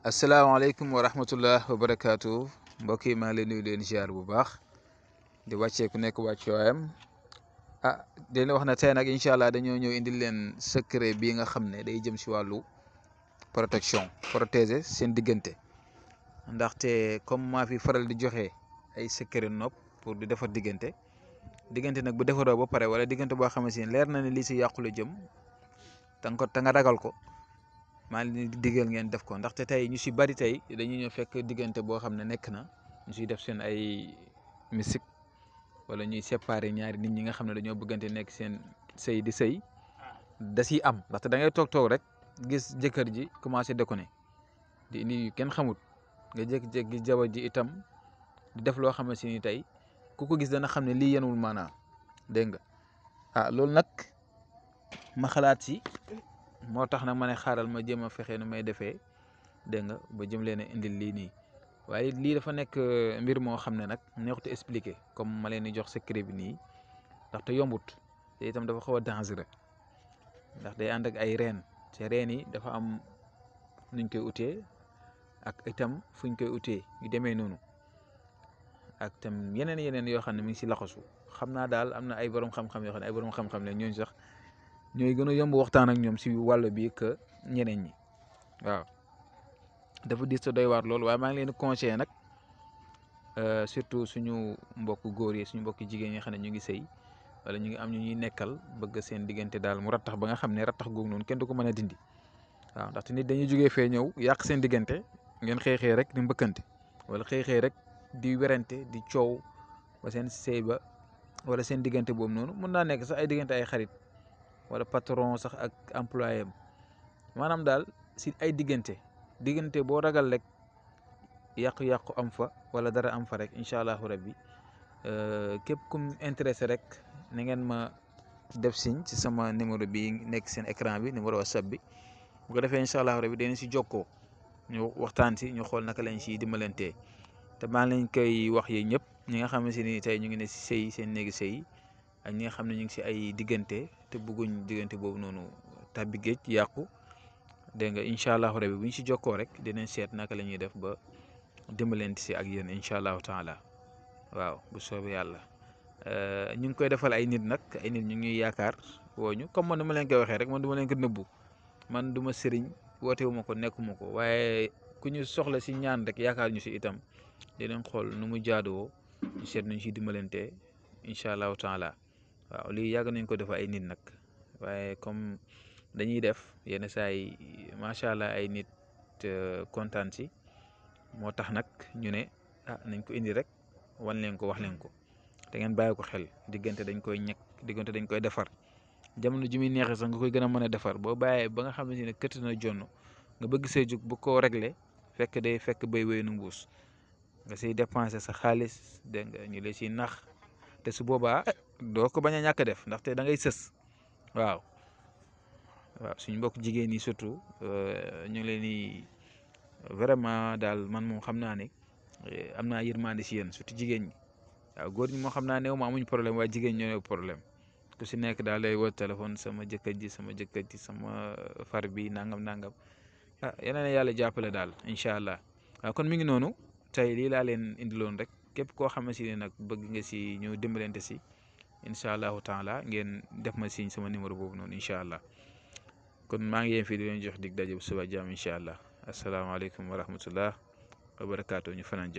asalaamaaleykum wa rahmatullah wa barakaatu mbokk yi maa ngi leen nuyu leen ziar bu baax di wàccee ku nekk wàccuwaayam ah di leen wax na tey nag incha allah dañoo ñëw indil leen secret bii nga xam ne day jëm si wàllu protection protéger seen diggante ndaxte comme maa fi faral di joxe ay secret nop pour di defar diggante diggante nag bu defaroo ba pare wala diggante boo xamante ni leer na ne lii si yàqu la jëm te nga ko nga ragal ko. maa ngi leen ngeen def ko ndaxte tey ñu si bari tey dañuy ñëw fekk diggante boo xam ne nekk na ñu siy def seen ay misik wala ñuy séparer ñaari nit ñi nga xam ne dañoo bëggante nekk seen sëy di sëy da siy am ndaxte da ngay toog toog rek gis jëkkër ji commencé déconné di indi yu kenn xamut nga jékki-jékki jabar ji itam di def loo xam ne si ni tey ku ko gis dana xam ne lii yenwul maanaa dégg nga ah nag ma xalaat si moo tax nag ma ne xaaral ma jéem a fexe nu may defee dégg nga ba jëm leen a indil lii nii waaye lii dafa nekk euh, mbir moo xam ne nag neexut a expliquer comme ma leen di jox secret bi nii ndaxte yombut te itam dafa xaw a dangereux ndax day ànd ak ay reen te reen yi dafa am nuñ koy utee ak itam fuñ koy utee yu demee noonu ak tam yeneen yeneen yoo xam ne mi ngi si laxasu xam naa daal am na ay borom xam-xam yoo xam ne ay borom xam-xam la sax. ñoy gëna yomb waxtaan ak ñom ci walu bi ke ñeneen ñi waaw dafa dis te doy waar lool waaye ma ngi leen conseiller nak euh surtout suñu mbokk goor yi suñu mbokk jigeen yi xam ñu ngi sey wala ñu ngi am ñu ñuy nekkal bëgg seen digënté daal mu rattax ba nga xam ne rattax googu noonu kenn du ko mëna dindi waaw ndax nit dañuy jógee fé ñew yaq seen digënté ngeen xeexee rek di mbëkkante wala xeexee rek di werante di ciow ba seen sey ba wala seen digënté bobu noonu mën na nekk sax ay digënté ay xarit wala patron sax ak employé manam dal daal si ay digënté digënté bo ragal rek yaq yaq am fa wala dara am fa rek inshallah rabbi euh képp kum intéressé rek na ngeen ma def signe ci sama numéro bi nek seen écran bi numéro whatsapp bi bu ko defee inshallah rabbi dañ si joko. ñu waxtaan ci ñu xol naka lañ ci dimbalenté té ma lañ koy wax yéen ñëpp ñi nga xamanteni tay ñu ngi ne ci sey seen néegi ak ñi nga xam ñu ngi si ay diggante te bëgguñ diggante boobu noonu tabbi géej yàqu dégg nga incha allahu rabi bu ñu si jokkoo rek dinañ seet naka la ñuy def ba dimbalante si ak yéen incha allahu taala waaw bu soobee yàlla euh, ñu ngi koy defal ay nit nag ay nit ñu ngi yaakaar woo ñu comme man du ma leen koy waxee rek man du ma leen ko nëbbu man du ma sëriñ woote wu ko nekkuma ko waaye ku ñu soxla si ñaan rek yaakaar ñu si itam dinañ xool nu mu jaadoo ñu seet nañ si dimbalante incha taala waaw lii yàgg ya nañ ko def ay nit nag waaye comme dañuy def yenn saa yi macha allah ay nit eh, kontaan si moo tax nag ñu ne ah nañ ko indi rek wan leen ko wax leen ko te ngeen bàyyi ko xel diggante dañ koy ñekk diggante dañ koy defar jamono ji muy neexee sax nga koy gën a mën a defar boo bàyyee ba nga xamante ne këtt na jonn nga bëgg say jug bu koo régler fekk day fekk bay wéy nu mbuus nga siy dépenser sa xaalis dégg nga ñu lay siy nax te su boobaa Do ko bañ a ñàkk def ndaxte da ngay sës waaw waaw suñu mbokk jigéen ñi surtout euh, ñu leen di vraiment daal man moom xam naa ne euh, am naa yërmande si yéen surtout jigéen ñi waaw góor ñi moo xam naa ne ma amuñ problème waaye jigéen ñoo ne problème ku nekk lay téléphone sama jëkkër ji sama jëkkër ji sama euh, far bi nangam nangam ah yeneen yàlla jàppale dal. incha allah waaw kon mi ngi noonu tey lii laa leen indiloon rek képp koo xamante nag bëgg nga si ñu dimbalante si. incha allahu taala ngeen def ma signe sama numéro boobu noonu incha allah kon maa ngi fii di jox dig daje bu suba jàmm allah asalaamaaleykum wa rahmatullah wa ñu fanaan jàmm